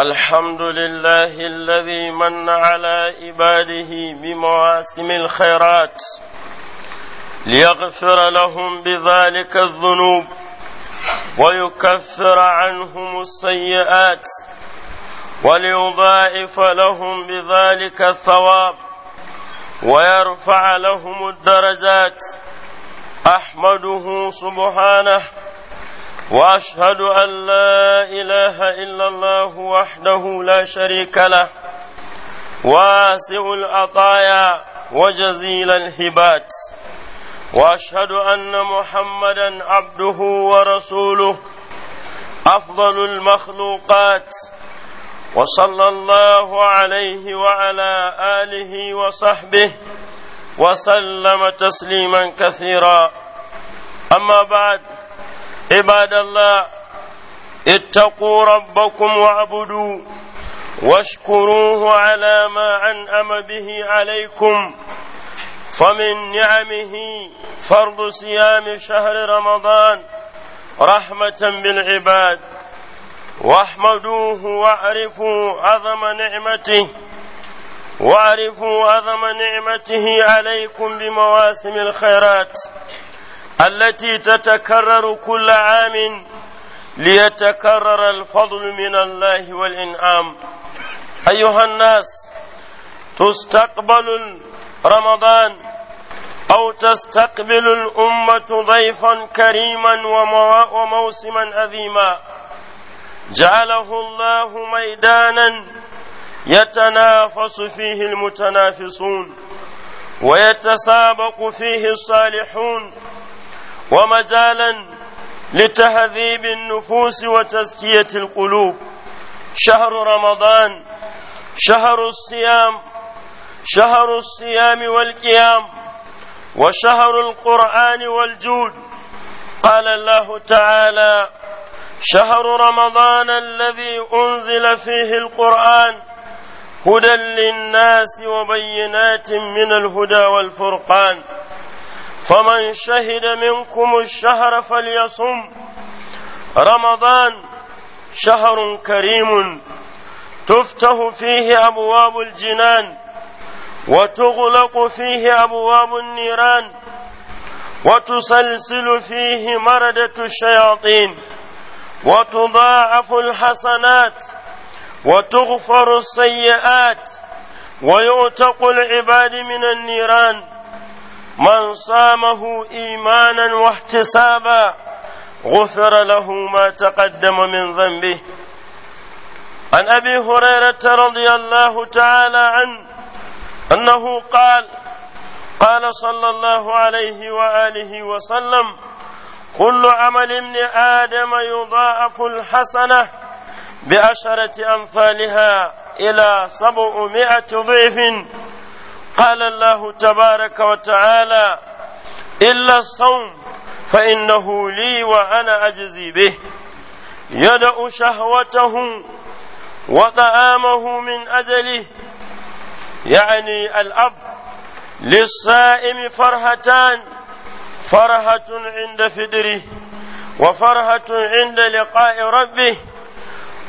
الحمد لله الذي من على عباده بمواسم الخيرات ليغفر لهم بذلك الذنوب ويكفر عنهم السيئات وليضاعف لهم بذلك الثواب ويرفع لهم الدرجات احمده سبحانه واشهد ان لا اله الا الله وحده لا شريك له واسع العطايا وجزيل الهبات واشهد ان محمدا عبده ورسوله افضل المخلوقات وصلى الله عليه وعلى اله وصحبه وسلم تسليما كثيرا اما بعد عباد الله اتقوا ربكم واعبدوا واشكروه على ما انعم به عليكم فمن نعمه فرض صيام شهر رمضان رحمه بالعباد واحمدوه واعرفوا عظم نعمته واعرفوا عظم نعمته عليكم بمواسم الخيرات التي تتكرر كل عام ليتكرر الفضل من الله والإنعام أيها الناس تستقبل رمضان أو تستقبل الأمة ضيفا كريما وموسما أذيما جعله الله ميدانا يتنافس فيه المتنافسون ويتسابق فيه الصالحون ومجالا لتهذيب النفوس وتزكية القلوب شهر رمضان شهر الصيام شهر الصيام والقيام وشهر القرآن والجود قال الله تعالى شهر رمضان الذي أنزل فيه القرآن هدى للناس وبينات من الهدى والفرقان فمن شهد منكم الشهر فليصم رمضان شهر كريم تفتح فيه أبواب الجنان وتغلق فيه أبواب النيران وتسلسل فيه مردة الشياطين وتضاعف الحسنات وتغفر السيئات ويؤتق العباد من النيران من صامه إيمانا واحتسابا غفر له ما تقدم من ذنبه عن أبي هريرة رضي الله تعالى عنه أنه قال قال صلى الله عليه وآله وسلم كل عمل ابن آدم يضاعف الحسنة بعشرة أمثالها إلى سبعمائة ضعف قال الله تبارك وتعالى إلا الصوم فإنه لي وأنا أجزي به يدع شهوته وطعامه من أجله يعني الأب للصائم فرهتان فرهة عند فدره وفرهة عند لقاء ربه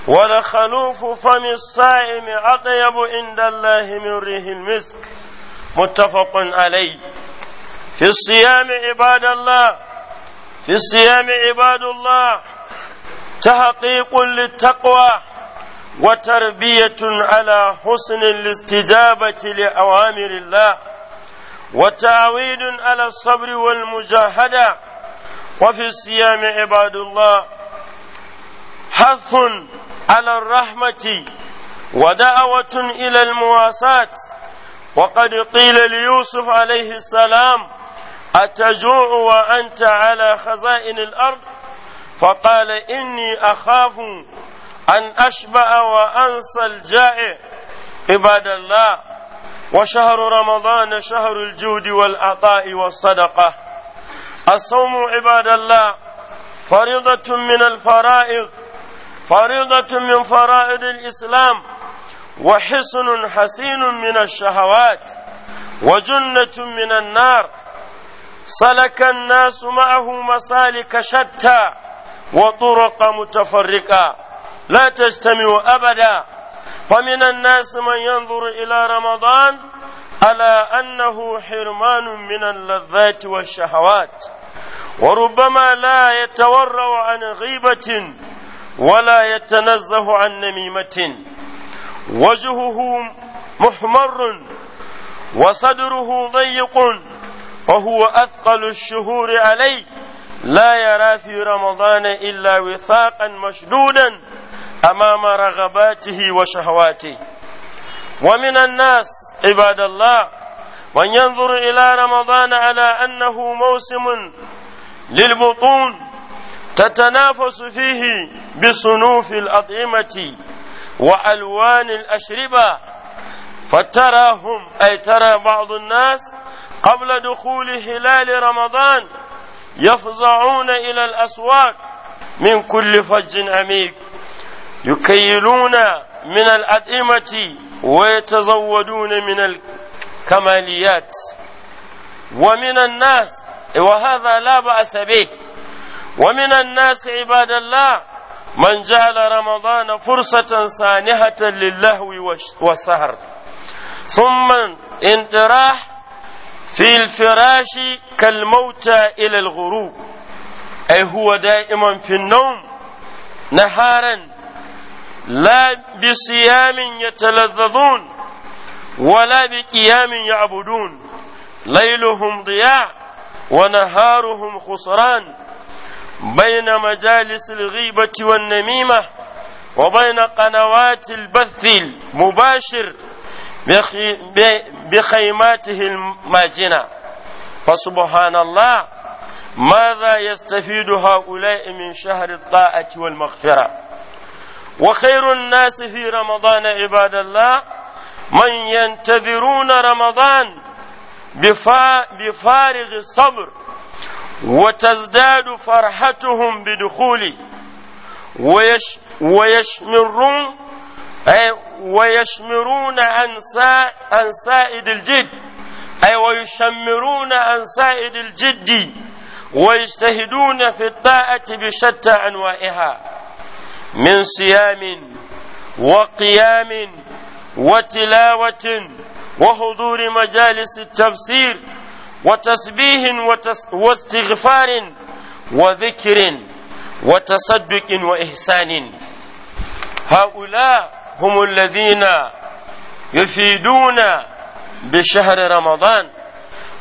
ولخلوف فم الصائم أطيب عند الله من ريح المسك متفق عليه في الصيام عباد الله في الصيام عباد الله تحقيق للتقوى وتربية على حسن الاستجابة لأوامر الله وتعويد على الصبر والمجاهدة وفي الصيام عباد الله حث على الرحمة ودعوة إلى المواساة وقد قيل ليوسف عليه السلام أتجوع وأنت على خزائن الأرض فقال إني أخاف أن أشبع وأنسى الجائع عباد الله وشهر رمضان شهر الجود والعطاء والصدقة الصوم عباد الله فريضة من الفرائض فريضة من فرائض الإسلام وحصن حسين من الشهوات وجنة من النار سلك الناس معه مسالك شتى وطرق متفرقة لا تجتمع أبدا فمن الناس من ينظر إلى رمضان ألا أنه حرمان من اللذات والشهوات وربما لا يتورع عن غيبة ولا يتنزه عن نميمة وجهه محمر وصدره ضيق وهو أثقل الشهور عليه لا يرى في رمضان إلا وثاقا مشدودا أمام رغباته وشهواته ومن الناس عباد الله من ينظر إلى رمضان على أنه موسم للبطون تتنافس فيه بصنوف الأطعمة وألوان الأشربة فتراهم أي ترى بعض الناس قبل دخول هلال رمضان يفزعون إلى الأسواق من كل فج عميق يكيلون من الأطعمة ويتزودون من الكماليات ومن الناس وهذا لا بأس به ومن الناس عباد الله من جعل رمضان فرصة سانحة للهو والسهر ثم انطراح في الفراش كالموتى إلى الغروب أي هو دائما في النوم نهارا لا بصيام يتلذذون ولا بقيام يعبدون ليلهم ضياع ونهارهم خسران بين مجالس الغيبة والنميمة وبين قنوات البث المباشر بخيماته الماجنة فسبحان الله ماذا يستفيد هؤلاء من شهر الطاعة والمغفرة وخير الناس في رمضان عباد الله من ينتظرون رمضان بفارغ الصبر وتزداد فرحتهم بدخولي ويش ويشمرون أي ويشمرون عن عن سائد الجد أي ويشمرون عن سائد الجد ويجتهدون في الطاعة بشتى أنواعها من صيام وقيام وتلاوة وحضور مجالس التفسير وتسبيح واستغفار وذكر وتصدق وإحسان هؤلاء هم الذين يفيدون بشهر رمضان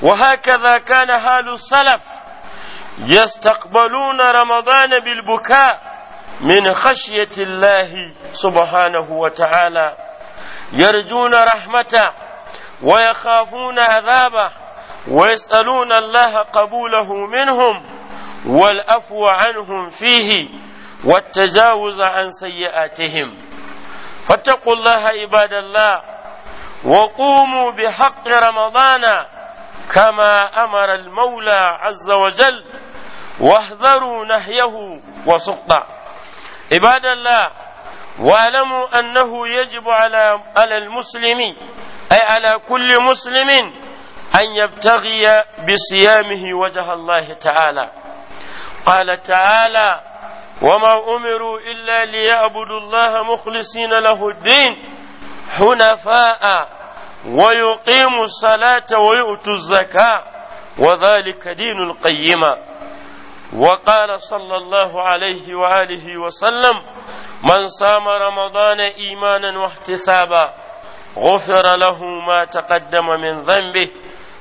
وهكذا كان حال السلف يستقبلون رمضان بالبكاء من خشية الله سبحانه وتعالى يرجون رحمته ويخافون عذابه ويسألون الله قبوله منهم والأفو عنهم فيه والتجاوز عن سيئاتهم فاتقوا الله عباد الله وقوموا بحق رمضان كما أمر المولى عز وجل واحذروا نهيه وسقطا عباد الله واعلموا أنه يجب على على المسلم أي على كل مسلم أن يبتغي بصيامه وجه الله تعالى قال تعالى وما أمروا إلا ليعبدوا الله مخلصين له الدين حنفاء ويقيموا الصلاة ويؤتوا الزكاة وذلك دين القيمة وقال صلى الله عليه وآله وسلم من صام رمضان إيمانا واحتسابا غفر له ما تقدم من ذنبه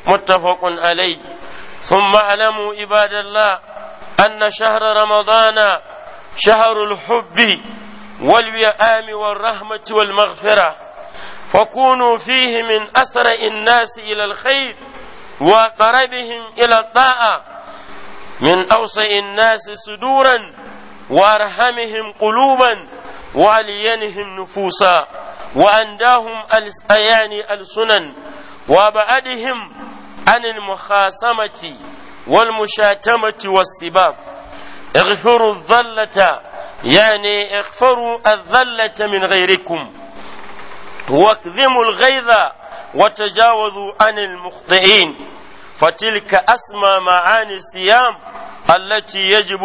متفق عليه ثم اعلموا عباد الله أن شهر رمضان شهر الحب والوئام والرحمة والمغفرة فكونوا فيه من أسرع الناس إلى الخير وقربهم إلى الطاعة من أوسع الناس صدورا وأرحمهم قلوبا وألينهم نفوسا وأنداهم أيان ألسنا وأبعدهم عن المخاصمة والمشاتمة والسباب اغفروا الذلة يعني اغفروا الذلة من غيركم واكذموا الغيظ وتجاوزوا عن المخطئين فتلك أسمى معاني الصيام التي يجب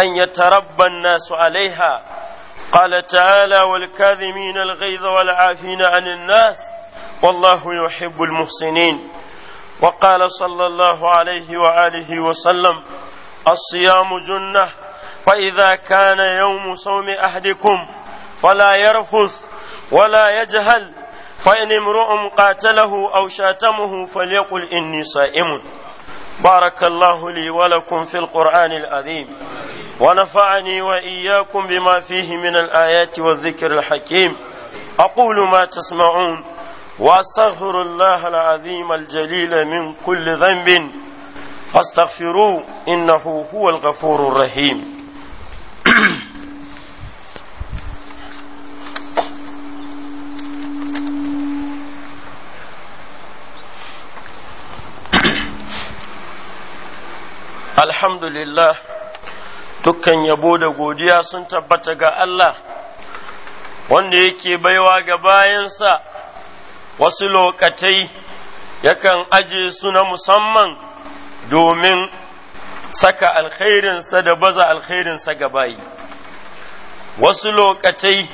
أن يتربى الناس عليها قال تعالى والكاذمين الغيظ والعافين عن الناس والله يحب المحسنين وقال صلى الله عليه وآله وسلم الصيام جنة فإذا كان يوم صوم أحدكم فلا يرفث ولا يجهل فإن امرؤ قاتله أو شاتمه فليقل إني صائم بارك الله لي ولكم في القرآن العظيم ونفعني وإياكم بما فيه من الآيات والذكر الحكيم أقول ما تسمعون واستغفر الله العظيم الجليل من كل ذنب فاستغفروه انه هو الغفور الرحيم الحمد لله dukkan yabo da godiya sun tabbata ga Allah wanda yake baiwa ga bayansa wasu lokatai yakan aje su na musamman domin saka alkhairinsa da baza alkhairinsa ga bayi wasu lokatai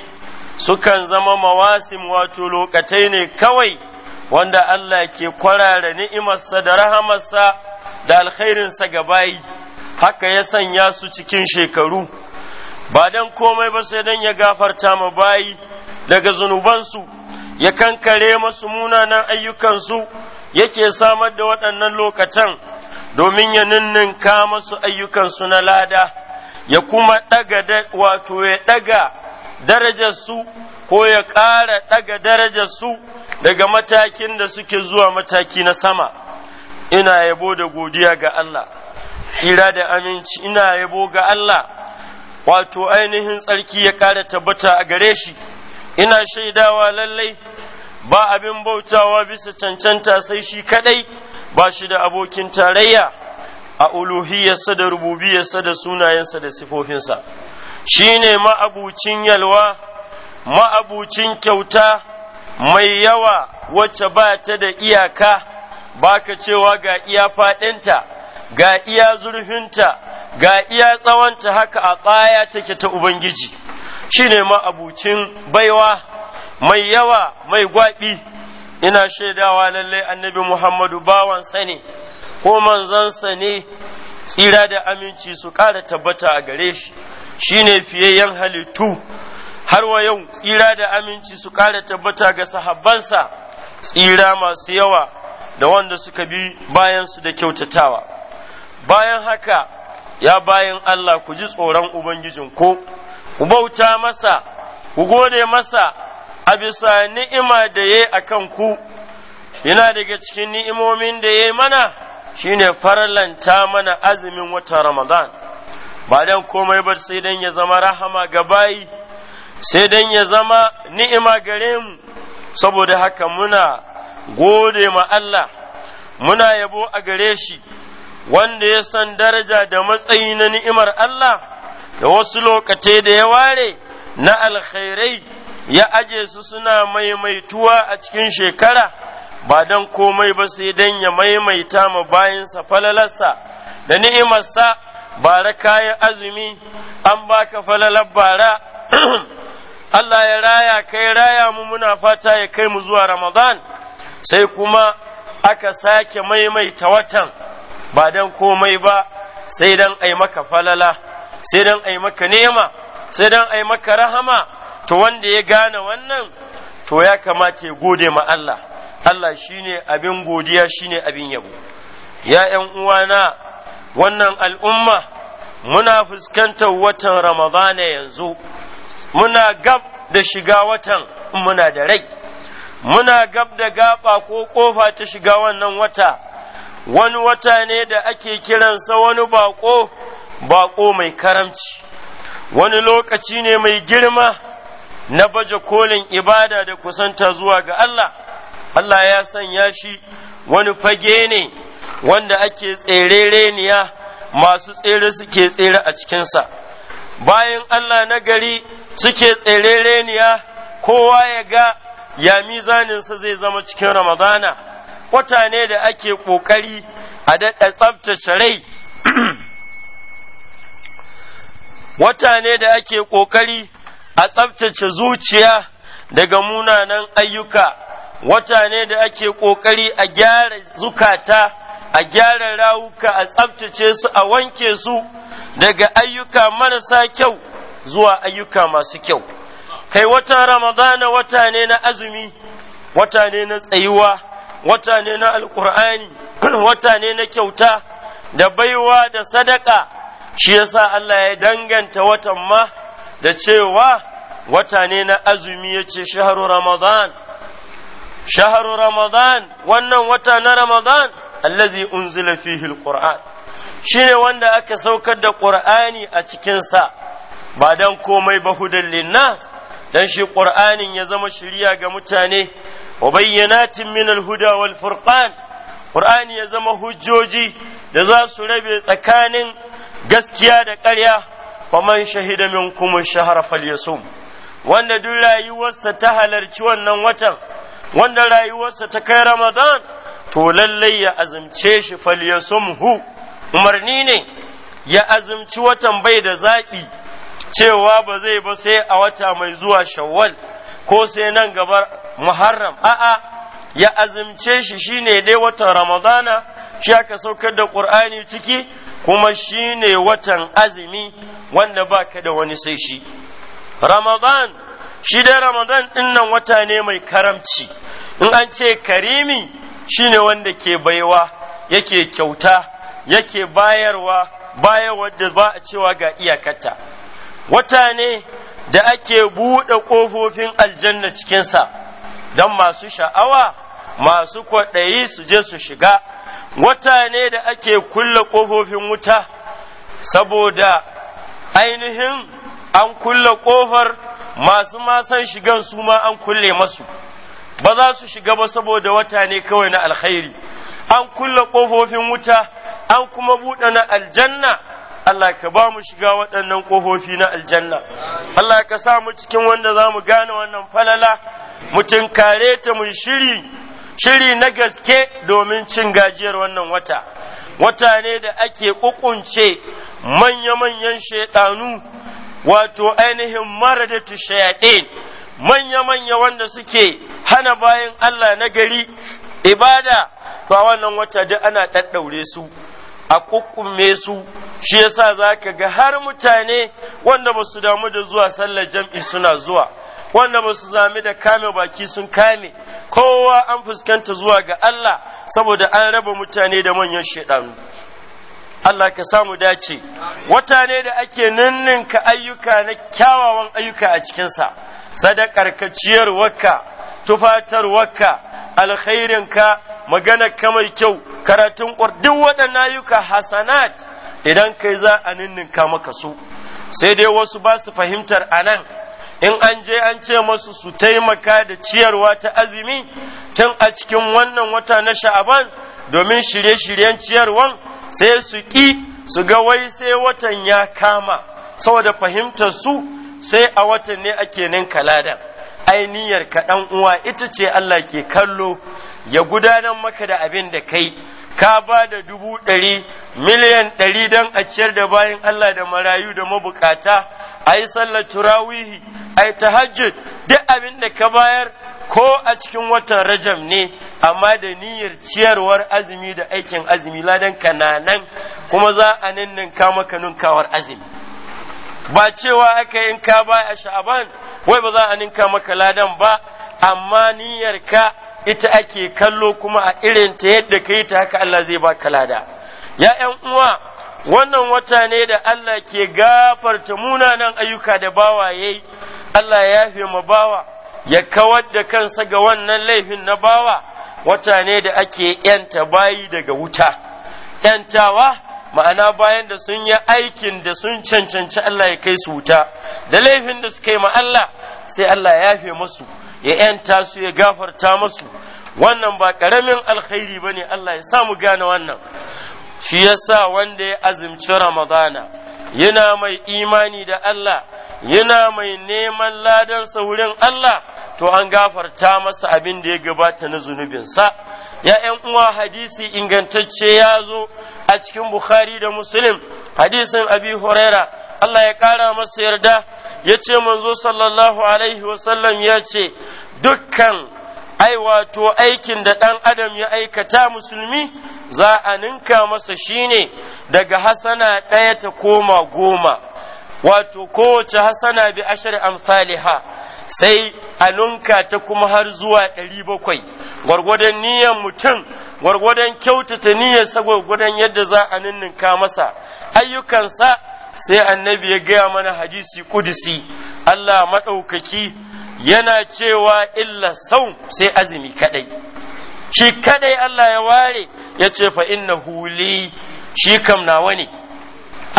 sukan zama mawasim wato lokatai ne kawai wanda Allah ke kwarara ni'imarsa da rahamarsa da alkhairinsa ga bayi haka ya sanya su cikin shekaru ba don komai ba sai don ya gafarta ma bayi daga zunubansu ya kankare masu munanan ayyukansu yake samar da waɗannan lokatan domin ya ninninka masu ayyukansu na lada ya kuma ɗaga wato ya ɗaga darajarsu ko ya ƙara ɗaga darajarsu daga matakin da suke zuwa mataki na sama ina yabo da godiya ga Allah tsira da aminci ina yabo ga Allah wato ainihin tsarki ya ƙara tabbata a gare shi ina shaidawa lallai ba abin bautawa bisa cancanta sai shi kadai ba shi da abokin tarayya a uluhiyarsa da rububiyarsa da sunayensa da sifofinsa shi ne ma'abucin yalwa ma'abucin kyauta mai yawa wacce ba ta da iyaka ba cewa ga iya faɗinta ga iya zurfinta ga iya tsawonta haka a tsaya take ta ubangiji shine ma'abucin baiwa mai yawa mai gwaɓi ina shaidawa lallai annabi muhammadu bawan ne ko manzansa ne tsira da aminci su ƙara tabbata a gare shi shine yan halittu har wa yau tsira da aminci su ƙara tabbata ga sahabbansa tsira masu yawa da wanda suka bi bayansu da kyautatawa bayan haka ya bayan Allah ku ji tsoron Ubangijin ko ku bauta masa ku gode masa a bisa ni'ima da ya a kan ku yana daga cikin ni'imomin da ya mana shine faralanta mana azumin wata ramadan ba dan komai ba sai dan ya zama rahama ga bayi sai dan ya zama ni'ima gare mu saboda haka muna gode ma Allah muna yabo a gare shi wanda ya san daraja da matsayi na ni'imar Allah da wasu lokace da ya ware na alkhairai ya aje su suna maimaituwa a cikin shekara ba don komai ba sai don ya maimaita ma bayansa falalarsa da ni'imarsa bara kayan azumi an baka falalar bara Allah ya raya kai raya mu muna fata ya kai mu zuwa Ramadan sai kuma aka sake maimaita watan ba don komai ba sai don ai maka falala sai dan ai maka nema sai dan ai maka rahama to wanda ya gane wannan to ya kamata ya gode ma Allah Allah shine abin godiya shine abin yabo ya ’yan uwana wannan al'umma muna fuskantar watan Ramadana yanzu, muna gab da shiga watan muna da rai, muna gab da gaba ko ƙofa ta shiga wannan wata, wani wata ne da ake kiransa wani baƙo baƙo mai karamci wani lokaci ne mai girma na baje kolin ibada da kusanta zuwa ga Allah Allah ya sanya shi wani fage ne wanda ake tserereniya masu tsere suke tsere a cikinsa bayan Allah na gari suke tserereniya kowa ya ga ya mizaninsa zai zama cikin ramadana wata ne da ake ƙoƙari a daɗa tsabtace rai Watane da ake ƙoƙari a tsabtace zuciya daga munanan ayyuka wata da ake ƙoƙari a gyara zukata a gyara rawuka a tsabtace su a wanke su daga ayyuka marasa kyau zuwa ayyuka masu kyau kai wata ramadana wata ne na azumi wata ne na tsayuwa wata ne na alkur'ani wata ne na kyauta da baiwa da sadaka shi yasa Allah ya danganta watan ma da cewa wata ne na azumi ya ce shaharu ramadan shaharu ramadan wannan wata na ramadan allazi unzila fihi alquran shine wanda aka saukar da qur'ani a cikinsa ba dan komai ba hudan linnas dan shi qur'anin ya zama shiriya ga mutane wa bayyanatin min alhuda wal furqan qur'ani ya zama hujjoji da za su rabe tsakanin gaskiya da ƙarya faman shahida min kuma shahara falyasum wanda duk rayuwarsa ta halarci wannan watan wanda rayuwarsa ta kai ramadan to lallai ya azumce shi hu. umarni ne ya azumci watan bai da zaɓi cewa ba zai ba sai a wata mai zuwa shawwal ko sai nan gaba muharram a'a ya azumce shi shine dai watan ramadana shi aka saukar da ƙur'ani ciki kuma shi ne watan azumi wanda ba ka da wani sai shi ramadan shi dai ramadan ɗinnan wata ne mai karamci in an ce karimi shi ne wanda ke baiwa yake kyauta yake bayarwa bayan wadda ba a cewa ga iyakata wata ne da ake buɗe ƙofofin aljanna cikinsa don masu sha'awa masu kwaɗayi su je su shiga wata ne da ake kulle ƙofofin wuta saboda ainihin an kulle ƙofar masu masan shigan su ma an kulle masu ba za su shiga ba saboda wata ne kawai na alkhairi an kulle ƙofofin wuta an kuma buɗe na aljanna Allah ka ba mu shiga waɗannan ƙofofi na aljanna Allah ka sa mu cikin wanda za mu gane wannan falala mu tinkare ta mu shiri shiri na gaske domin cin gajiyar wannan wata wata ne da ake ƙuƙunce manya-manyan shaiɗanu wato ainihin mara da tushe manya-manya wanda suke hana bayan Allah na gari ibada ba wannan wata da ana ɗaɗɗaure su a ƙuƙume su shi yasa za ka ga har mutane wanda ba su damu da zuwa sallar jam'i suna zuwa wanda ba su zami da kame baki sun kame kowa an fuskanta zuwa ga Allah saboda an raba mutane da manyan shaidanu Allah ka samu dace wata ne da ake ninninka ayyuka na kyawawan ayyuka a cikinsa sadakar ka ciyarwarka tufatarwarka alkhairinka maganarka ka mai kyau karatun duk waɗannan ayyuka hasanat idan kai za a ninninka maka su sai dai wasu ba su fahimtar anan in an je an ce masu su taimaka da ciyarwa ta azumi tun a cikin wannan wata na sha'aban domin shirye-shiryen ciyarwan sai su ƙi su ga wai sai watan ya kama saboda fahimtar su sai a watan ne ake ninka ladan ai niyyar ka uwa ita ce Allah ke kallo ya gudanar maka da abin da kai ka ba da dubu ɗari miliyan ɗari don a ciyar da bayan Allah da marayu da mabukata a yi sallar turawihi a yi tahajjud duk abin da ka bayar ko a cikin watan rajam ne amma da niyyar ciyarwar azumi da aikin azumi ladan ka na nan, kuma za a nan ninninka maka ninkawar azumi ba cewa aka yi ka baya a sha'aban wai ba za a ninka maka ladan ba amma niyyar ka ita ake kallo kuma a irin ta yadda kai ta haka Allah zai baka lada ya ƴan uwa wannan wata ne da Allah ke gafarta munanan ayyuka da bawa yayi Allah ya yafe ma bawa ya kawar da kansa ga wannan laifin na bawa wata ne da ake yanta bayi daga wuta yantawa ma'ana bayan da sun yi aikin da sun cancanci Allah ya kai su wuta da laifin da suka yi ma Allah sai Allah ya yafe musu ya ‘yanta su ya gafarta masu wannan ba ƙaramin alkhairi ba ne Allah ya samu gane wannan shi ya sa wanda ya azumci ramadana yana mai imani da Allah yana mai neman ladansa wurin Allah to an gafarta masa abin da ya gabata na zunubinsa ya ‘yan uwa hadisi ingantacce ya zo a cikin Bukhari da Muslim hadisin Abi Huraira Allah ya ƙara masu yarda ya ce manzo sallallahu alaihi wasallam ya ce dukkan ai wato aikin da ɗan adam ya aikata musulmi za a ninka masa shine daga hasana ɗaya ta koma goma wato kowace hasana bi ashar amsaliha sai a ninka ta kuma har zuwa ɗari bakwai gwargwadon niyyar mutum gwargwadon kyautata sa gwargwadon yadda za a ninninka masa ayyukansa sai annabi ya gaya mana hadisi kudisi Allah maɗaukaki yana cewa illa sau sai azumi kaɗai. shi kaɗai Allah ya ware ya ce fa inna huli shi kam nawa ne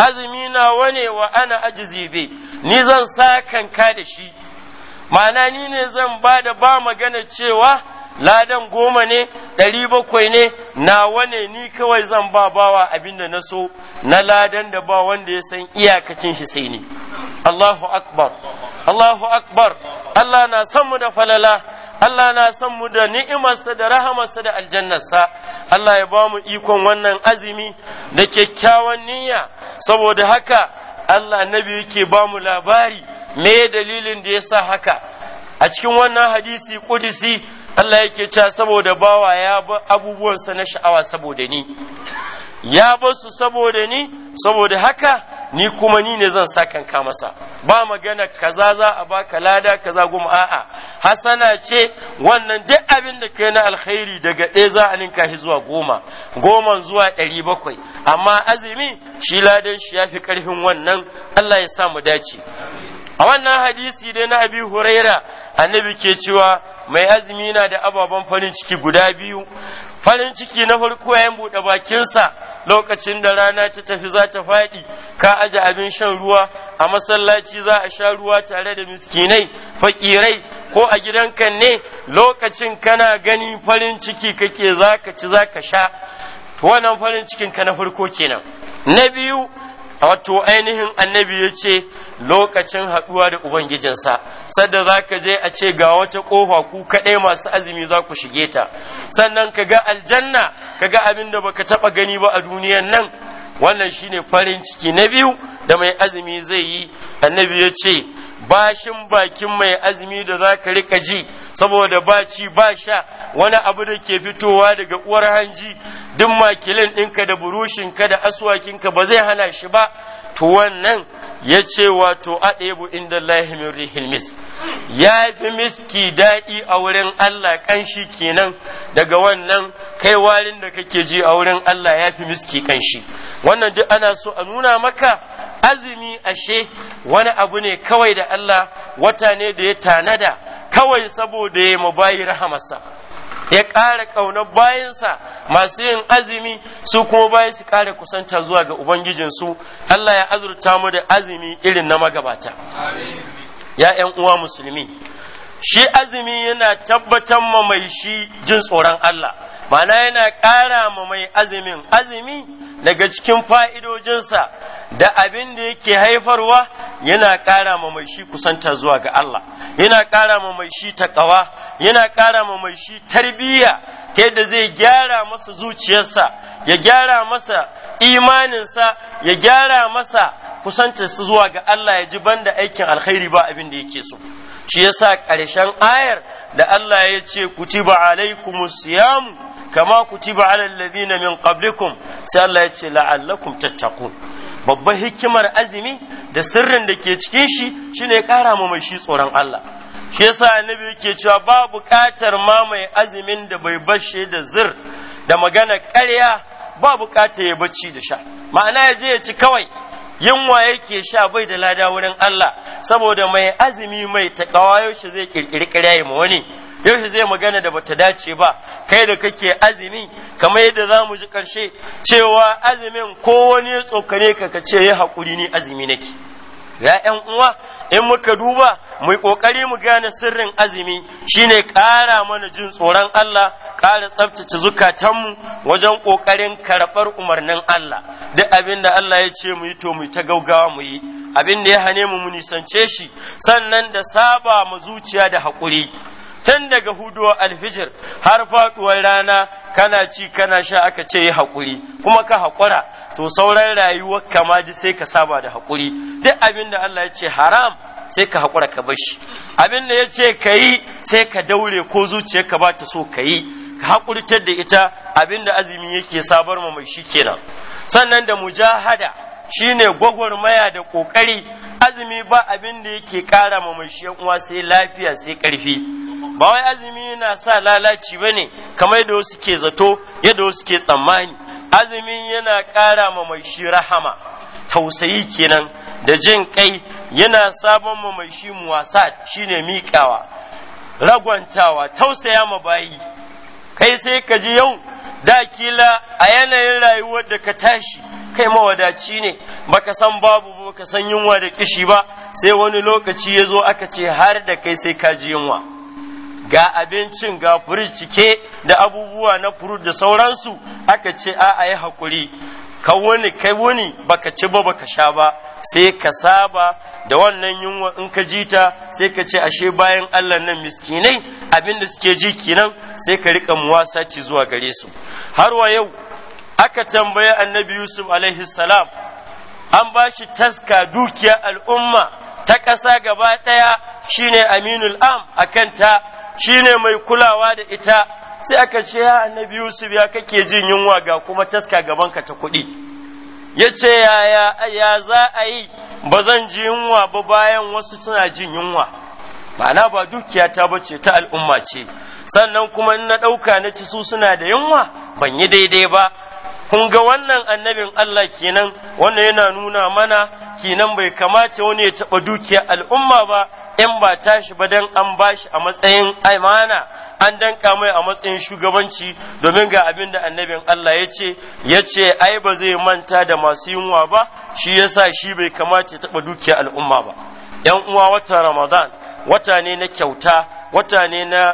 azumi nawa ne wa ana ajizi be ni zan sa kanka da shi ma'ana ni ne zan ba da ba magana cewa ladan goma ne ɗari bakwai ne nawa ne ni kawai zan ba bawa abin da na so na ladan da ba wanda ya san iyakacin shi sai ni Allahu akbar Allahu akbar Allah na san mu da falala Allah na san mu da ni'imarsa da rahamarsa da aljannarsa Allah ya ba mu ikon wannan azumi da kyakkyawan niyya saboda haka Allah annabi yake ba mu labari me dalilin da ya sa haka a cikin wannan hadisi kudisi Allah yake cewa saboda bawa ya ba abubuwansa na sha'awa saboda ni ya ba su saboda ni saboda haka ni kuma ni ne zan sa kanka masa ba magana kaza za a baka lada kaza goma a'a hasana ce wannan duk abin da kai na alkhairi daga ɗaya za a ninka shi zuwa goma goma zuwa ɗari bakwai amma azumi shi ladan shi ya fi ƙarfin wannan Allah ya sa mu dace a wannan hadisi dai na abi huraira annabi ke cewa mai azumi na da ababen farin ciki guda biyu farin ciki na farko yayin buɗe bakinsa lokacin da rana ta tafi za ta faɗi ka aje abin shan ruwa a masallaci za a sha ruwa tare da miskinai fakirai ko a gidan gidanka ne lokacin kana gani farin ciki kake za ka ci za ka sha wannan farin cikin ka na farko kenan na biyu wato ainihin annabi ya ce lokacin haɗuwa da ubangijinsa sadda za ka je a ce ga wata kofa ku kaɗai masu azumi za ku shige ta sannan ka ga aljanna ka ga abin da ba ka taɓa gani ba a duniyan nan wannan shi ne farin ciki na biyu da mai azumi zai yi annabi ya ce bashin bakin mai azumi da za ka riƙa ji saboda ba ci ba sha wani abu da ke fitowa daga uwar hanji duk makilin ɗinka da burushinka da aswakinka ba zai hana shi ba to wannan ya ce wato a ɗebu inda lahimin rihil mis ya fi miski daɗi a wurin Allah ƙanshi kenan daga wannan kai warin da kake ji a wurin Allah ya fi miski ƙanshi wannan duk ana so a nuna maka azumi ashe wani abu ne kawai da Allah wata ne da ya tanada kawai saboda ya mubayi rahamarsa ya ƙara ƙaunar bayansa masu yin azumi su kuma bayan su ƙara kusanta zuwa ga ubangijinsu Allah ya azurta mu da azumi irin na magabata ya ‘yan uwa musulmi shi azumi yana tabbatar ma mai shi jin tsoron Allah mana yana ƙara ma mai azumin azumi daga cikin fa'idojinsa da abin da yake haifarwa yana ƙara ma mai shi kusanta zuwa ga Allah yana ƙara ma mai shi taƙawa yana ƙara ma mai shi tarbiyya ta yadda zai gyara masa zuciyarsa ya gyara masa imaninsa ya gyara masa kusanta su zuwa ga Allah ya ji banda aikin alkhairi ba abin da yake so shi yasa ƙarshen ayar da Allah ya ce kutiba alaikumus siyamu kama kutiba ala alladhina min qablikum sai Allah ya ce la'allakum tattaqun babban hikimar azumi da sirrin da ke cikin shi shine ya kara ma mai shi tsoron Allah shi yasa annabi yake cewa ba buƙatar ma mai azumin da bai bashe da zir da magana ƙarya ba buƙatar ya bacci da sha ma'ana yaje je ya ci kawai yunwa yake sha bai da lada wurin Allah saboda mai azumi mai takawayo shi zai ƙirƙiri ƙarya ya ma wani yaushe zai magana da bata dace ba kai da kake azumi kamar yadda za mu ji karshe cewa azumin ko wani tsokane ka ka ce ya haƙuri ni azumi nake ya ‘yan uwa in muka duba mu ƙoƙari mu gane sirrin azumi shine ƙara mana jin tsoron Allah ƙara tsabtace zukatanmu wajen ƙoƙarin karɓar umarnin Allah duk abin da Allah ya ce mu yi to mu ta gaugawa mu yi abin da ya hane mu mu nisance shi sannan da saba mu zuciya da haƙuri tun daga huduwar alfijir har faduwar rana kana ci kana sha aka ce yi haƙuri kuma ka haƙura to sauran rayuwar kama duk sai ka saba da haƙuri duk abin da Allah ya ce haram sai ka haƙura ka bar shi abin da ya ce ka yi sai ka daure ko ka ba ta so ka yi ka haƙuritar da ita abin da azumi yake sabar ma mai shi kenan sannan da mujahada Shi shine gwagwarmaya da ƙoƙari. azumi ba abin da yake kara ma mai shi uwa sai lafiya sai ƙarfi. ba wai azumi yana sa lalaci ba ne, kamar da wasu ke zato yadda wasu ke tsammani azumi yana kara ma mai rahama tausayi kenan da jin kai yana sabon ma mai shi muwasa shine miƙawa ragwantawa tausaya ma bayi kai sai ka ji yau da kila a yanayin rayuwar da ka tashi kai mawadaci ne baka san babu ba ka san yunwa da kishi ba sai wani lokaci ya zo aka ce har da kai sai ka ji yunwa ga abincin ga furut cike da abubuwa na furut da sauransu aka ce a a yi haƙuri ka wani kai wani baka ci ba baka sha ba sai ka saba da wannan yunwa in ka ji ta sai ka ce ashe bayan Allah nan miskinai abin da suke ji kenan sai ka rika muwasati zuwa gare su har wa yau aka tambayi annabi yusuf alaihi salam an ba shi taska dukiya al'umma ta ƙasa gaba ɗaya shine aminul am a kanta shine mai kulawa da ita sai aka ce ya annabi yusuf ya kake jin yunwa ga kuma taska gabanka ta kuɗi ya ce ya za a yi ba zan ji yunwa ba bayan wasu suna jin yunwa ma'ana ba dukiya ta bace ta al'umma ce sannan kuma in na ɗauka na ci su suna da yunwa ban yi daidai ba kun ga wannan annabin Allah kenan wannan yana nuna mana kenan bai kamata wani ya taɓa dukiyar al'umma ba in ba tashi ba dan an bashi a matsayin aimana an danka mai a matsayin shugabanci domin ga abinda annabin Allah ya ce ya ce ai ba zai manta da masu yunwa ba shi yasa shi bai kamata ya taɓa dukiyar al'umma ba yan uwa wata Ramadan wata ne na kyauta wata ne na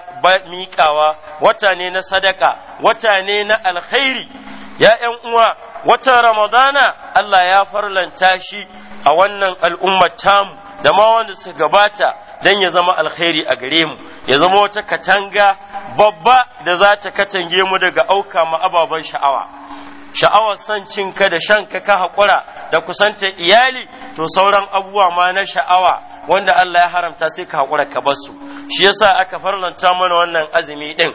miƙawa wata ne na sadaka wata ne na alkhairi ya ‘yan uwa watan ramadana Allah ya farlanta shi a wannan al'ummar tamu da ma wanda su gabata don ya zama alkhairi a gare mu ya zama wata katanga babba da za ta katange mu daga auka ma ababen sha'awa sha'awar son cinka da shan ka haƙura da kusantar iyali to sauran abubuwa ma na sha'awa wanda Allah ya haramta sai ka haƙura ka basu shi yasa aka farlanta mana wannan azumi ɗin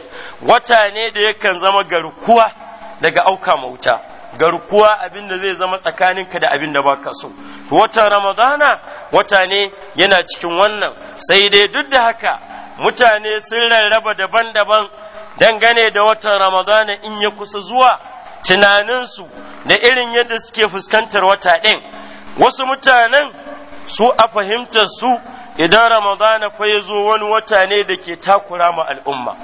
wata ne da yakan zama garkuwa daga auka mauta, garkuwa abin da zai zama tsakaninka da abin da baka so watan ramadana wata ne yana cikin wannan sai dai duk da haka mutane sun rarraba daban-daban dangane da watan ramadana in ya kusa zuwa tunaninsu da irin yadda suke fuskantar wata ɗin wasu mutanen su a fahimtar su idan ramadana fa ya zo wani wata ne da ke takura ma al'umma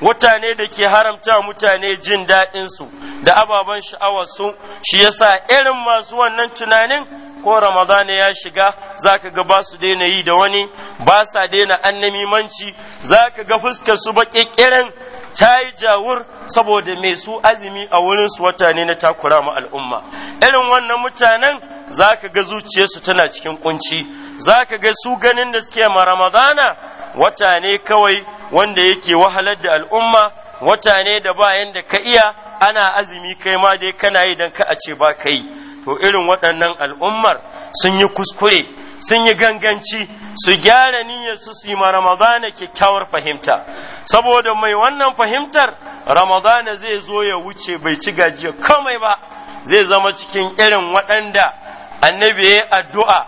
mutane da ke haramta mutane jin daɗinsu da ababen sha'awarsu shi yasa irin masu wannan tunanin ko ramadana ya shiga za ka ga ba su daina yi da wani ba sa daina annamimanci za ka ga fuskar su baƙiƙirin ta yi jawur saboda mai su azumi a wurin su wata ne na takura ma al'umma irin wannan mutanen za ka ga zuciyarsu tana cikin kunci za ka ga su ganin da suke ma ramadana wata ne kawai wanda yake wahalar da al'umma wata ne da ba yanda ka iya ana azumi kai ma dai kana yi don ka a ce ba ka yi to irin waɗannan al'ummar sun yi kuskure sun yi ganganci su gyara niyyar su yi ma ramadana kyakkyawar fahimta saboda mai wannan fahimtar ramadana zai zo ya wuce bai ci gajiya komai ba zai zama cikin irin waɗanda annabi ya addu'a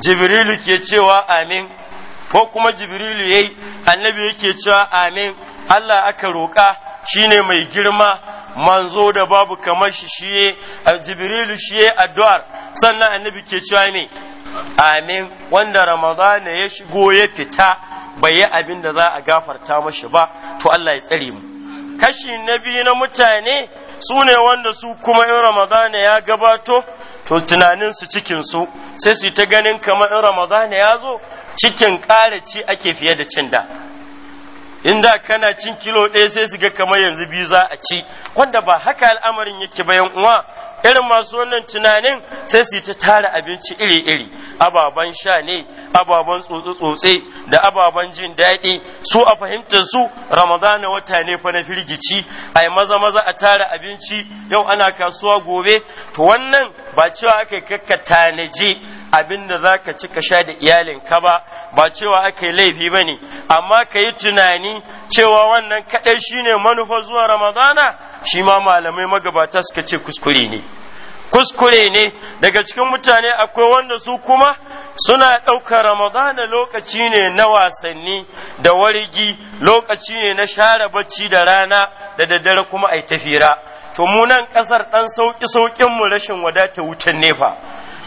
jibrilu ke cewa amin ko kuma jibrilu yayi annabi yake cewa amin Allah aka roƙa shine mai girma manzo da babu kamar shi shiye jibrilu shiye addu'ar sannan annabi ke cewa ne amin wanda ramadana ya shigo ya fita bai yi abin da za a gafarta mashi ba to Allah ya tsare mu kashi na biyu na mutane su ne wanda su kuma in ramadana ya gabato to tunanin su cikin su sai su ta ganin kamar in ramadana ya zo cikin ƙara ci ake fiye da cin da in da kana cin kilo ɗaya sai su ga kamar yanzu biyu za a ci wanda ba haka al'amarin yake ba yan uwa irin masu wannan tunanin sai su yi ta tara abinci iri-iri ababan sha ne ababen tsotse-tsotse da ababen jin daɗi su a fahimtar su ramadana wata ne fa na firgici a maza-maza a tara abinci yau ana kasuwa gobe to wannan ba cewa aka yi ka tanaji abin da za ka ci ka sha da iyalinka ba ba cewa aka yi laifi ba ne amma ka yi tunani cewa wannan kaɗai shine manufa zuwa ramadana shi ma malamai magabata suka ce kuskure ne kuskure ne daga cikin mutane akwai wanda su kuma suna ɗaukar ramadana lokaci ne na wasanni da warigi lokaci ne na share bacci da rana da daddare kuma a yi tafira to mu nan ƙasar ɗan sauƙi-sauƙin mu rashin wadata wutan nefa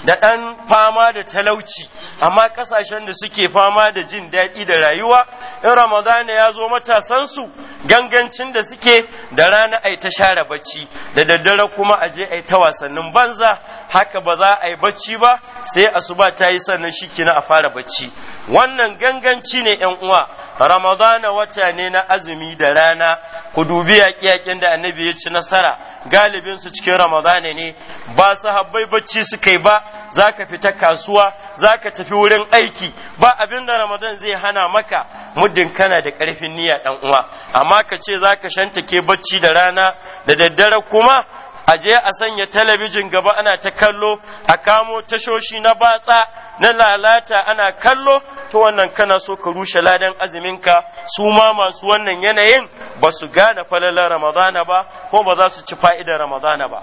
da ɗan fama da talauci amma ƙasashen da suke fama da jin daɗi da rayuwa in ramadana ya zo matasansu gangancin da suke da rana ai ta share bacci da daddare kuma aje aita ai ta wasannin banza haka ba za a yi bacci ba sai asuba ta yi sannan shi kina a fara bacci wannan ganganci ne yan uwa ramadana wata ne na azumi da rana ku dubi yaƙi da annabi ya ci nasara galibin su cikin ramadana ne ba su habbai bacci suka yi ba za ka fita kasuwa za ka tafi wurin aiki ba abin da ramadan zai hana maka muddin kana da ƙarfin niyya ɗan uwa amma ka ce za ka shantake bacci da rana da daddare kuma a je a sanya talabijin gaba ana ta kallo a kamo tashoshi na batsa na lalata ana kallo ta wannan kana so ka rushe ladan azuminka su ma masu wannan yanayin ba su gane falalar ramadana ba ko ba za su ci fa'idar ramadana ba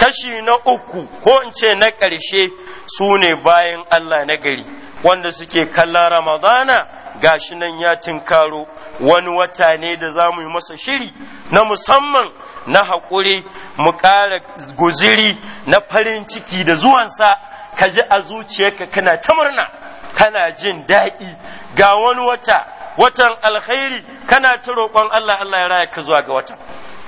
kashi na uku ko in ce na ƙarshe su ne bayan allah na gari wanda suke kallon ramadana gashi nan ya tinkaro wani wata ne da za mu yi masa shiri na musamman na haƙuri mu ƙara guziri na farin ciki da zuwansa ka ji a zuciyarka kana ta murna kana jin daɗi ga wani wata watan alkhairi kana ta roƙon Allah Allah ya raya ka zuwa ga wata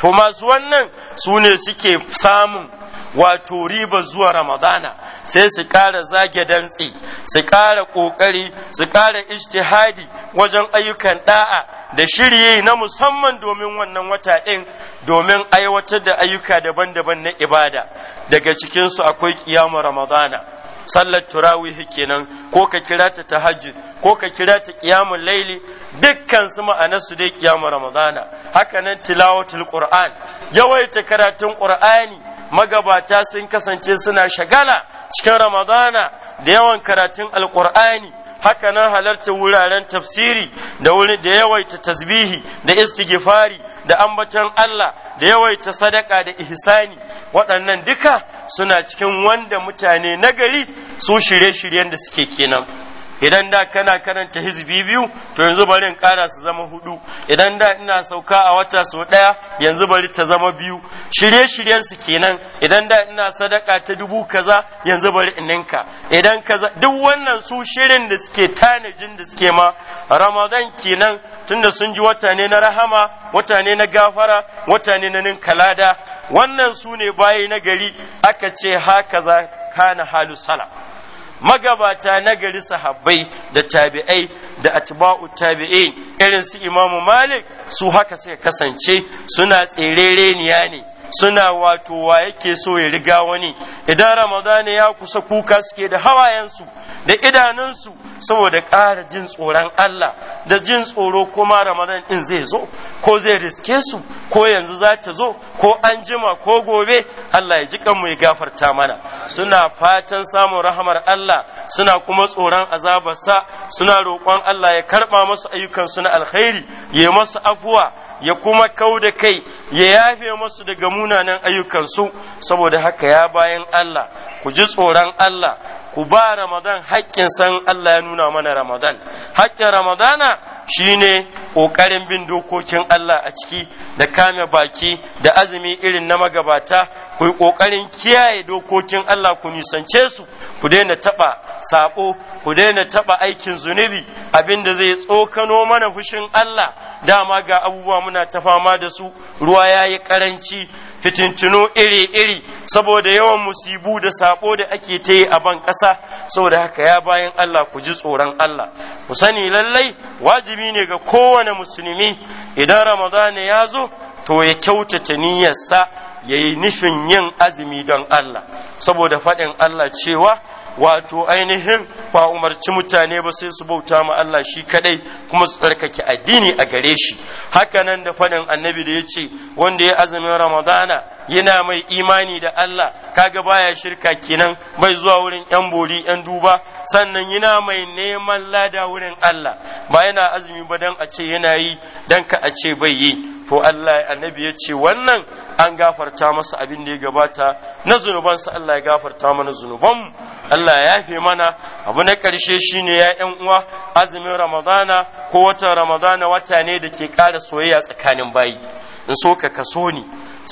to masu wannan su ne suke samun wato riba zuwa ramadana sai su ƙara zage dantsi su ƙara ƙoƙari su ƙara ijtihadi wajen ayyukan ɗa'a, da shirye na musamman domin wannan wata ɗin domin aiwatar da ayyuka daban-daban na ibada daga cikinsu akwai ƙiyamu ramadana sallar turawihi kenan ko ka kira ta tahajjud ko ka kira ta qiyamul laili dukkan su ma'anarsu dai qiyamul ramadana haka nan tilawatul qur'an yawaita karatun qur'ani magabata sun kasance suna shagala cikin ramadana da yawan karatun alkur'ani haka nan halarta wuraren tafsiri da wuri da yawaita tasbihi da istighfari da ambaton Allah da yawaita sadaka da ihsani waɗannan duka suna cikin wanda mutane nagari su shirye-shiryen da suke kenan idan da kana karanta hizbi biyu to yanzu bari in kara su zama hudu idan da ina sauka a wata sau ɗaya yanzu bari ta zama biyu shirye-shiryen su kenan idan da ina sadaka ta dubu kaza yanzu bari in ninka idan kaza duk wannan su shirin da suke tanajin da suke ma ramadan kenan tunda sun ji wata ne na rahama wata ne na gafara wata ne na ninkalada wannan su ne bayi na gari aka ce haka za kana halu sala magabata na gari sahabbai da tabi'ai da atba'u tabi'in irin su imamu malik su haka suka kasance suna tserereniya ne suna wato wa yake so ya riga wani idan ramadana ya kusa kuka suke da hawayensu da idanunsu saboda ƙara jin tsoron Allah da jin tsoro kuma ramadan ɗin zai zo ko zai riske su ko yanzu za ta zo ko an jima ko gobe Allah ya ji kanmu ya gafarta mana suna fatan samun rahamar Allah suna kuma tsoron azabarsa suna roƙon Allah ya karɓa masu ayyukansu na alkhairi ya yi masu afuwa ya kuma kau da kai ya yafe masu daga munanan ayyukansu saboda haka ya bayan Allah ku ji tsoron Allah ku ba ramadan haƙƙin san Allah ya nuna mana ramadan haƙƙin ramadana shine ƙoƙarin bin dokokin Allah a ciki da kame baki da azumi irin na magabata ku yi ƙoƙarin kiyaye dokokin Allah ku nisance su ku daina taɓa saɓo ku daina taɓa aikin zunubi abin da zai tsokano mana fushin Allah dama ga abubuwa muna ta fama da su ruwa ya yi ƙaranci fitintinu iri-iri saboda yawan musibu da sabo da ake tayi a ban ƙasa saboda haka ya bayan Allah ku ji tsoron Allah ku sani lallai wajibi ne ga kowane musulmi idan Ramadan ya zo to ya kyautata niyyarsa ya yi nufin yin azumi don Allah saboda faɗin Allah cewa wato ainihin ba umarci mutane ba sai su bauta ma Allah shi kadai kuma su tsarkake addini a gare shi hakanan da faɗin annabi da yace, wanda ya azumin ramadana yana mai imani da Allah kaga baya shirka kenan bai zuwa wurin yan bori yan duba sannan yana mai neman lada wurin Allah ba yana azumi ba dan a ce yana yi dan ka a ce bai yi to Allah annabi ya ce wannan an gafarta masa abin da ya gabata na zunubansa Allah ya gafarta mana zunubanmu Allah ya yafe mana abu na ƙarshe shine ya ƴan uwa azumin ramadana ko watan ramadana wata ne da ke ƙara soyayya tsakanin bayi in so ka kaso ni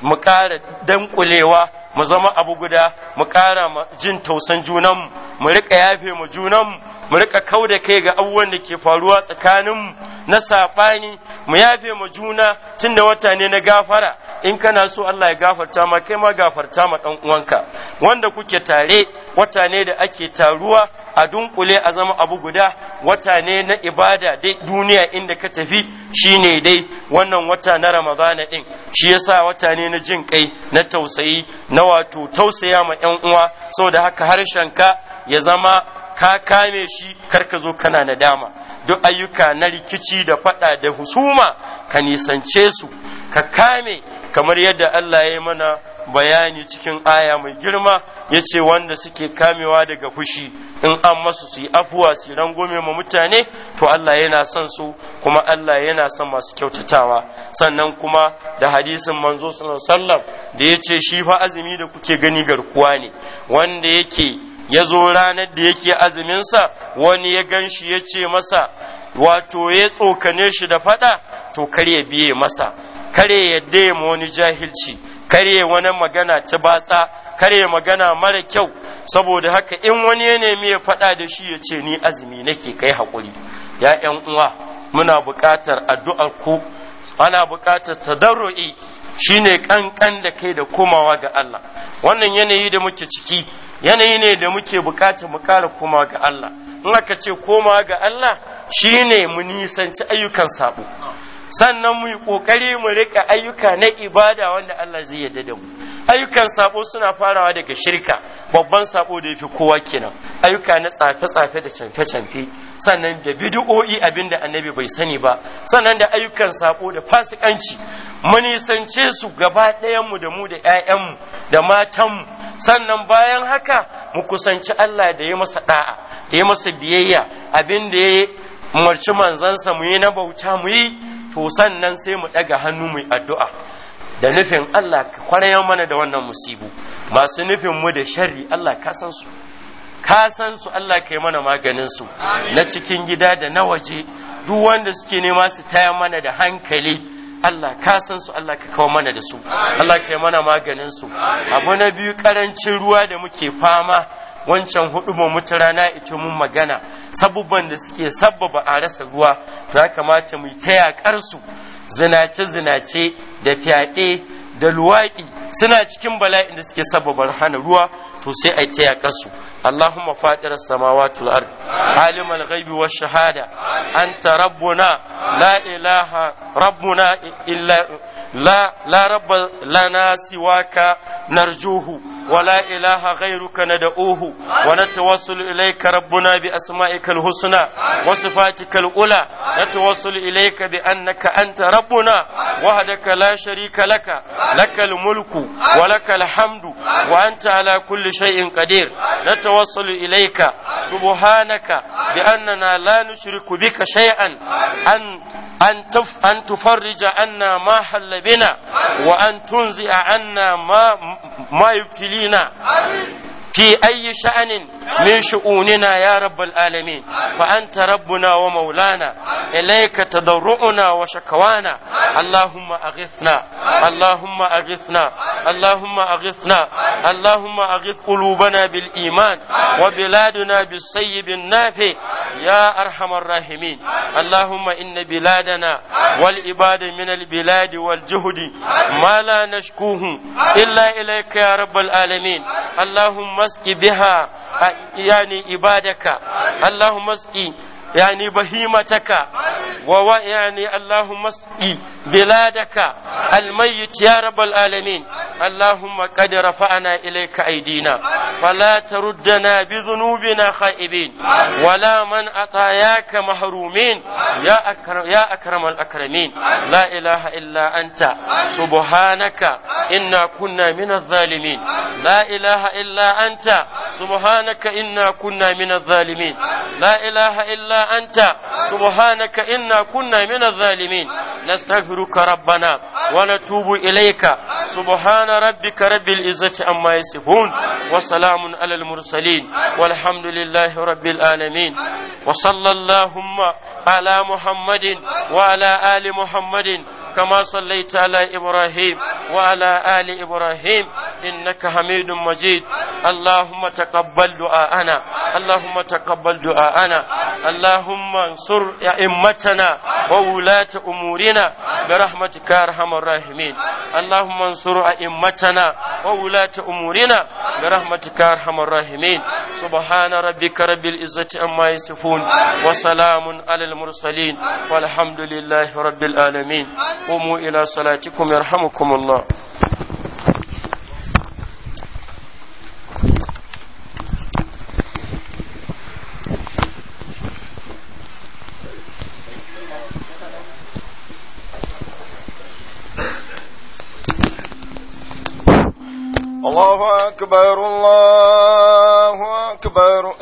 mu ƙara danƙulewa mu zama abu guda mu ƙara jin tausan junanmu mu mu riƙa yafe mu junanmu mu mu riƙa kau da kai ga abubuwan da ke faruwa tsakanin mu na saɓani mu yafe mu juna tunda wata ne na gafara in kana so Allah ya gafarta ma kai ma gafarta ma dan uwanka wanda kuke tare wata ne da ake taruwa a dunkule a zama abu guda wata ne na ibada dai duniya inda ka tafi shine dai wannan wata na ramadana din shi yasa wata ne na jin kai na tausayi na wato tausaya ma yan uwa saboda haka harshen ka ya zama ka kame shi karka zo kana nadama duk ayyuka na rikici da fada da husuma ka nisance su ka kame kamar yadda Allah ya yi mana bayani cikin aya mai girma ya ce wanda suke kamewa daga fushi in an masu su yi afuwa su rangume ma mutane to Allah yana son su kuma Allah yana son masu kyautatawa sannan kuma da hadisin manzo sallam da ya ce shi fa azumi da kuke gani garkuwa ne wanda yake ya zo ranar da yake azuminsa wani ya gan shi ya ce masa wato ya tsokane shi da fada to kar ya biye masa kare yadda ya wani jahilci kare wani magana ta batsa kare magana mara kyau saboda haka in wani ya nemi ya faɗa da shi ya ce ni azumi nake kai haƙuri ya ƴan uwa muna buƙatar addu'ar ku ana buƙatar tadarru'i shine kankan da kai da komawa ga Allah wannan yanayi da muke ciki yanayi ne da muke buƙatar mu kara komawa ga Allah in aka ce komawa ga Allah shine mu nisanci ayyukan sabo sannan mu yi ƙoƙari mu rika ayyuka na ibada wanda Allah zai yarda da mu ayyukan sabo suna farawa daga shirka babban sabo da yafi kowa kenan ayyuka na tsafe-tsafe da canfe-canfe sannan da bid'o'i abinda annabi bai sani ba sannan da ayyukan sabo da fasikanci mu nisance su gaba ɗayan mu da mu da ƴaƴan mu da matan mu sannan bayan haka mu kusanci Allah da ya masa da'a da ya masa biyayya abinda ya umarci manzansa mu yi na bauta mu yi to sannan sai mu ɗaga hannu mu addu'a da nufin Allah ka kwarayen mana da wannan musibu masu nufin mu da sharri Allah ka san su ka san su Allah ka mana maganin su na cikin gida da na waje duk wanda suke nema su taya mana da hankali Allah ka san su Allah ka kawo mana da su Allah ka mana maganin su abu na biyu karancin ruwa da muke fama wancan hudu mu mutu rana ita mun magana sabubban da suke sabbaba a rasa ruwa ya kamata mu ta yakar su zinace zinace da fyaɗe da luwaƙi suna cikin bala'in da suke sababa hana ruwa to sai a ta yakar su اللهم فاطر السماوات والأرض عالم الغيب والشهادة أنت ربنا لا إله ربنا إلا لا لا رب لنا سواك نرجوه ولا إله غيرك ندعوه ونتوصل إليك ربنا بأسمائك الحسنى وصفاتك الأولى نتوصل إليك بأنك أنت ربنا وحدك لا شريك لك لك الملك ولك الحمد وأنت على كل شيء قدير نتوصل إليك سبحانك بأننا لا نشرك بك شيئا أن أن تف أن تفرج عنا ما حل بنا وأن تنزع عنا ما ما يبتلي amina. Amin. في أي شأن من شؤوننا يا رب العالمين فأنت ربنا ومولانا إليك تضرعنا وشكوانا اللهم أغثنا اللهم أغثنا اللهم أغثنا اللهم أغث قلوبنا بالإيمان وبلادنا بالسيب النافع يا أرحم الراحمين اللهم إن بلادنا والعباد من البلاد والجهد ما لا نشكوه إلا إليك يا رب العالمين اللهم masƙi biha yani ibadaka Allahumma masƙi yani bahimataka wa wa yani Allahumma masƙi biladaka almayyit ya rabbal alamin اللهم قد رفعنا إليك أيدينا فلا تردنا بذنوبنا خائبين ولا من أطاياك محرومين يا أكرم, يا أكرم الأكرمين لا إله إلا أنت سبحانك إنا كنا من الظالمين لا إله إلا أنت سبحانك إنا كنا من الظالمين لا إله إلا أنت سبحانك إنا كنا من الظالمين نستغفرك ربنا ونتوب إليك سبحان subhana rabbika rabbil izzati amma yasifun wa salamun alal mursalin walhamdulillahi rabbil alamin wa sallallahu ala muhammadin wa ala ali muhammadin كما صليت على إبراهيم وعلى آل إبراهيم إنك حميد مجيد اللهم تقبل دعاءنا اللهم تقبل دعاءنا اللهم انصر أئمتنا وولاة أمورنا برحمتك يا أرحم الراحمين اللهم انصر أئمتنا وأمتنا وولاة أمورنا برحمتك أرحم الراحمين سبحان ربك رب العزة أما يصفون وسلام على المرسلين والحمد لله رب العالمين قوموا إلى صلاتكم يرحمكم الله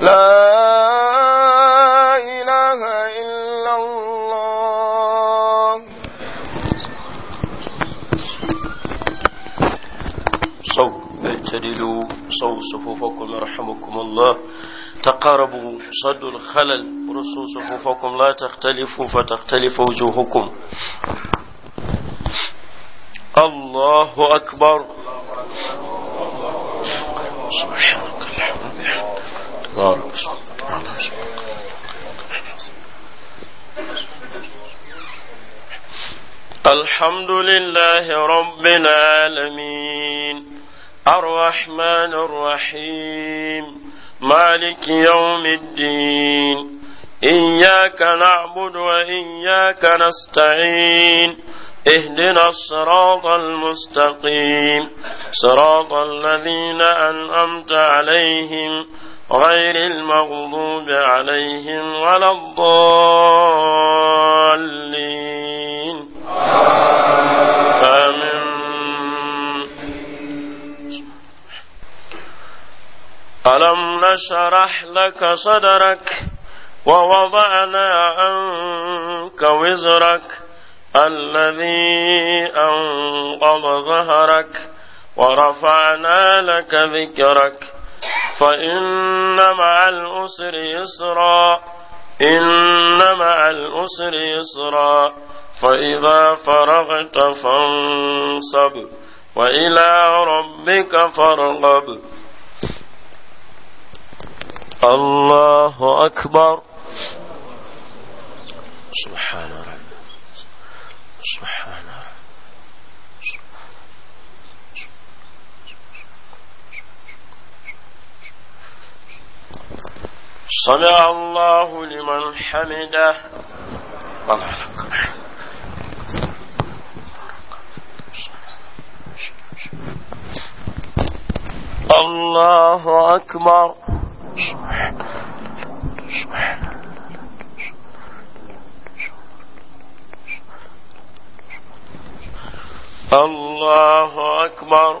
لا إله إلا الله صو اعتدلوا صو صفوفكم يرحمكم الله تقاربوا صدوا الخلل رصوا صفوفكم لا تختلفوا فتختلف وجوهكم الله أكبر سبحان الصغار الحمد لله رب العالمين الرحمن الرحيم مالك يوم الدين إياك نعبد وإياك نستعين اهدنا الصراط المستقيم صراط الذين أنأمت عليهم غير المغضوب عليهم ولا الضالين آمين ألم نشرح لك صدرك ووضعنا عنك وزرك الذي أنقض ظهرك ورفعنا لك ذكرك فإن مع الأسر يسرا إن مع الأسر يسرا فإذا فرغت فانصب وإلى ربك فارغب الله أكبر سبحان ربي سبحان صنع الله لمن حمده الله لك الله أكبر الله أكبر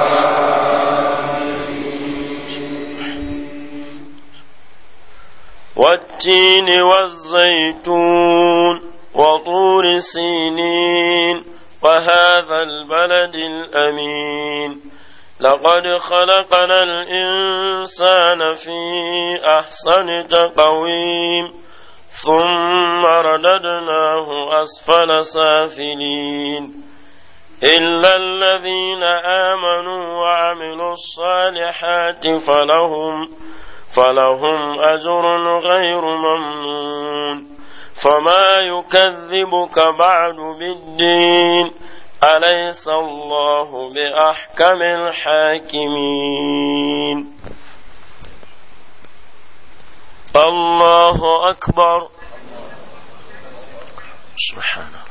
والتين والزيتون وطور سينين وهذا البلد الأمين لقد خلقنا الإنسان في أحسن تقويم ثم رددناه أسفل سافلين إلا الذين آمنوا وعملوا الصالحات فلهم فلهم أجر غير ممنون فما يكذبك بعد بالدين أليس الله بأحكم الحاكمين الله أكبر سبحان الله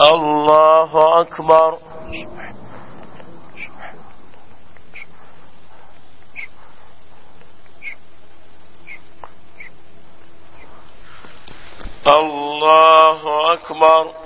الله أكبر الله أكبر